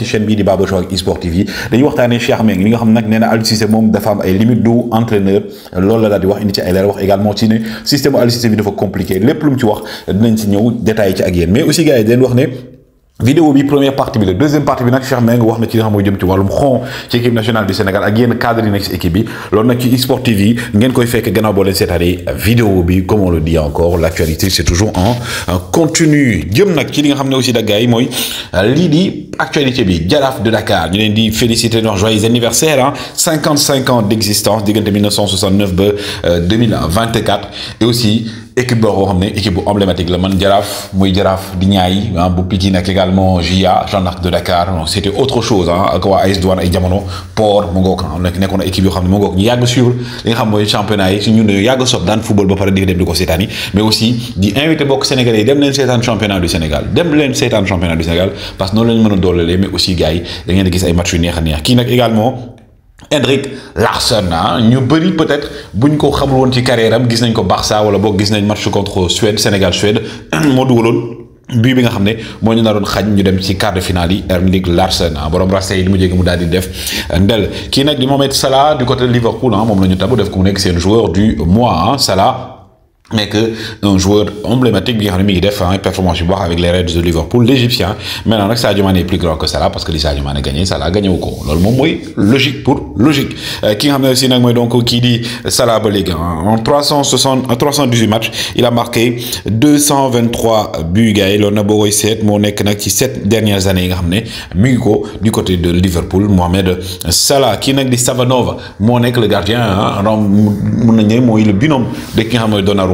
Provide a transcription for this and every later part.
ci chaîne bi di Baba Show ak eSport TV dañuy waxtaanee Cheikh Meng li nga xam nak néna na Aliou Cissé moom dafa am ay limite do entraîneur loolu la daal di wax indi ci ay leer wax également ci né système Aliou Cissé bi dafa compliqué lepp lu ci wax dinañ ci ñew détail ci ak yéen mais aussi gars yi dañ wax né vidéo bi première partie bi la deuxième partie bi nak Cheikh meng wax na ci nga xam mooy jëm ci walum xon ci équipe nationale du Sénégal ak yenn cadre yi nekk ci équipe bi lool nak ci eSport TV ngeen koy fekk gannaaw boo leen seetaanee vidéo bi comme on le dit encore l'actualité c'est toujours en continu jëm nak ci li nga xam ne aussi da gars moy euh, li di actualité bi jaraf de Dakar ñu leen di féliciter wax joyeux anniversaire hein? 55 ans d'existence existence 1969 ba 2024 euh, et aussi équipe boo xamné équipe bu emblématique la man Jaraaf muy Jaraaf di ñaay ah bu Pikine ak également jean Gendarme de Dakar c'était autre chose hein ak wa ais Douanes ay jamono Port mu ngoog ah, nak nekkoon équipe yo xamné mo mu ngoog ñu suivre li nga xam moy championnat yi ci ñun dañoo yag sop daan football ba paré di dem di ko seetaan mais aussi di inviter bokk Sénégalais dem len sétane championnat du Sénégal dem len sétane championnat du Sénégal parce que noonu la ñu mën mais aussi gaay da ngeen di gis ay match yu neex a neex ki nak également. André Larsson ah ñu peut-être bu ñu ko xamul woon ci carrière am gis nañ ko Barça wala boog gis nañ match contre Suède Sénégal Suède moo dugaloon. bii bi nga xamné mo moo ñu naroon xañ ñu dem ci quart de finale yi Henrik Larsson ah. borom rase yi di mu jéggi mu daldi def ndel ki nak di Mohamed Salah du côté de Liverpool hein ah. mom lañu tabu def ku mu nekk seen joueur du mois ah. Salah mais que un joueur emblématique bien a xam une hein, performance avec les Reds de Liverpool l'égyptien maintenant que Sadio Mané est plus grand que ça parce que le Sadio Mané gagné Salah gagné au ko logique pour logique qui euh, a aussi donc qui dit Salah l'a hein. en 318 matchs il a marqué 223 buts gaël on a beau essayer dernières années yi nga du côté de Liverpool Mohamed Salah qui est di Savanova mon le gardien hein. ah rom mun le binôme de qui nga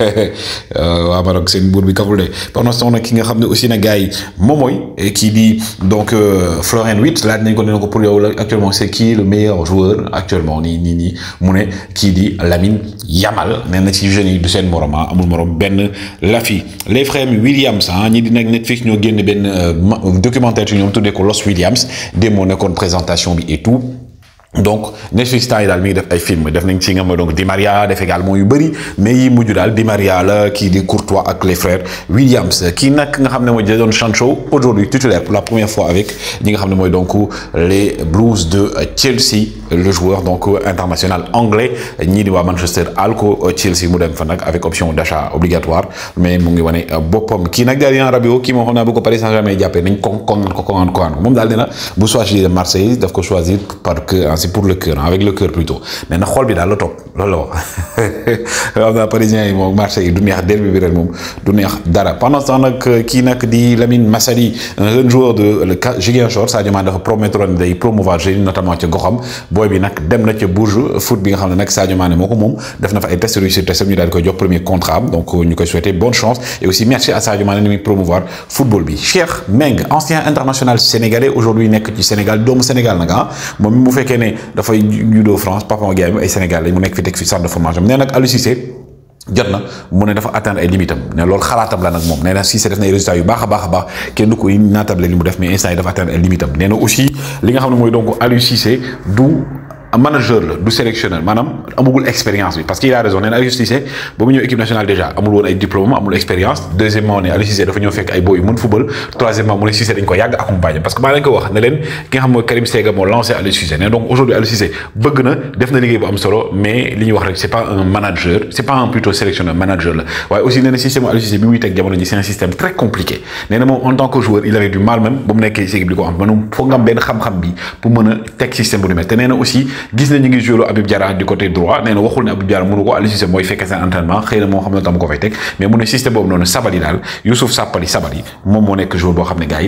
Euh, waa Maroc seen buur bi kaful de pendant ce temps nag ki nga xam ne aussi na gars yi moom mooy kii di donc euh, Florian Wirtz laaj nañ ko ne ko pour yow la actuellement c'est qui le meilleur joueur actuellement nii nii nii mu ne kii di Lamine Yamal nee na ci jeunes yi du seen morom ah, amul morom benn lafi les frères Williams ah ñi di nag Netflix ñoo génn benn euh, documentaire ci ñoom tuddee ko Los Williams démoo nekkoon présentation bi et tout donc Netflix temps yi daal mi def ay film def nañ ci nga mooy donc Di Maria def également yu bëri mais yi muju dal Di Maria la ki di Courtois ak les frères Williams ki nak nga xamne mo mooy Jadon Sancho aujourd'hui titulaire pour la première fois avec ñi nga xamne moy donc les Blues de Chelsea le joueur donc international anglais ñi di wa Manchester Alco Chelsea mu dem fa nak avec option d'achat obligatoire mais mu ngi wane boppam kii nag Adrien Rabiot ki mo xona bu ko Paris Saint-Germain jappé nañ ko kongaan ko kongaan ko kongaan ko moom daal dina bu choisir Marseille daf ko choisir parce que c'est pour le cœur hein, avec le cœur plutôt mais na xol bi daal la topp loolu la wax am parisien yi marché du neex derby bi du neex dara pendant ce temps nag euh, kii nag di Lamine Massali un jeune joueur de le ça Sadio Mané dafa promettre de promouvoir Julien, notamment ca goxam boy bi nag dem na ca Bourges foot bi nga xam ne nag Sadio Mané moo ko moom def na fa ay tests réussir test ñu daal di jox premier contrat donc euh, ñu koy souhaiter bonne chance et aussi merci à Sadio Mané de muy promouvoir football bi Cheikh Meng ancien international sénégalais aujourd'hui nekk ci Sénégal doomu Sénégal nag ah moom mu fekkee ne dafay juddoo France Papa Gueye ay Sénégal lañ mu nekk fi teg fi centre formation nee nag Aliou jot na mu ne dafa atteindre ay limitam ne loolu xalaatam la nag moom nee na def na ay résultats yu baax a baax a baax kenn du ko naatable li mu def mais instant yi dafa atteindre ay limitam nee aussi li nga xam ne mooy donc Aliou Cissé du manager la du sélectionneur madame, amagul expérience oui, parce qu'il a raison nee a Aliou Cissé ba mu équipe nationale déjà amul a ay diplôme amul expérience deuxièmement ne Aliou Cissé dafa ñëw fait ay boy yu football troisièmement mu ne Cissé dañ ko yàgg accompagner parce que maa leen ko wax ne leen ki xam mooy Karim Sega moo lancé Aliou Cissé donc aujourd'hui Aliou Cissé bëgg na def na bu am solo mais li ñuy wax rek c'est pas un manager c'est pas un plutôt sélectionneur manager la aussi nee na système Aliou Cissé bi muy teg jamono ji c'est un système très compliqué néanmoins, na en tant que joueur il avait du mal même ba mu nekkee si équipe di ko am maanaam foog nga am xam-xam bi pour mën a système bu ni mel te nee aussi gis na ñu ngi joué Habib Diarra du côté droit nee na waxul ne Habib Diarra mënu ko Aliou Cissé mooy fekkee seen entraînement xëy na moo ne tam ko fay teg mu ne système boobu noonu Sabaly daal Youssouf Sabaly Sabaly moom moo nekk joueur boo xam ne gars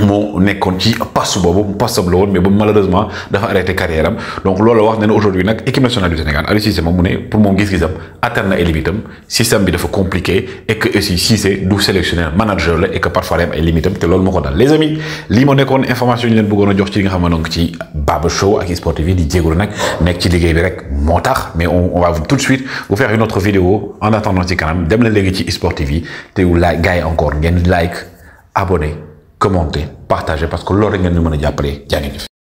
moo nekkoon ci pass boobu pass la mais ba malheureusement dafa arrêté carrière donc loolu la wax ne aujourd'hui nag équipe nationale du Sénégal Aliou Cissé moom mu ne pour mon gis-gisam atteindre na ay limitam système bi dafa compliqué et que aussi si c'est du sélectionneur manager la et que parfois day am ay limitam te loolu dal les amis lii moo nekkoon information ñu leen bëggoon a jox ci li nga xam ne donc ci Baba Show ak Sport TV di jégalu nag nekk ci liggéey bi rek moo mais on va tout de suite vous faire une autre vidéo en attendant ci kanam dem leen léegi ci Sport TV te like gars encore ngeen like abonné Commentez, partagez, parce que l'origine nous m'a dit après, t'as une fille.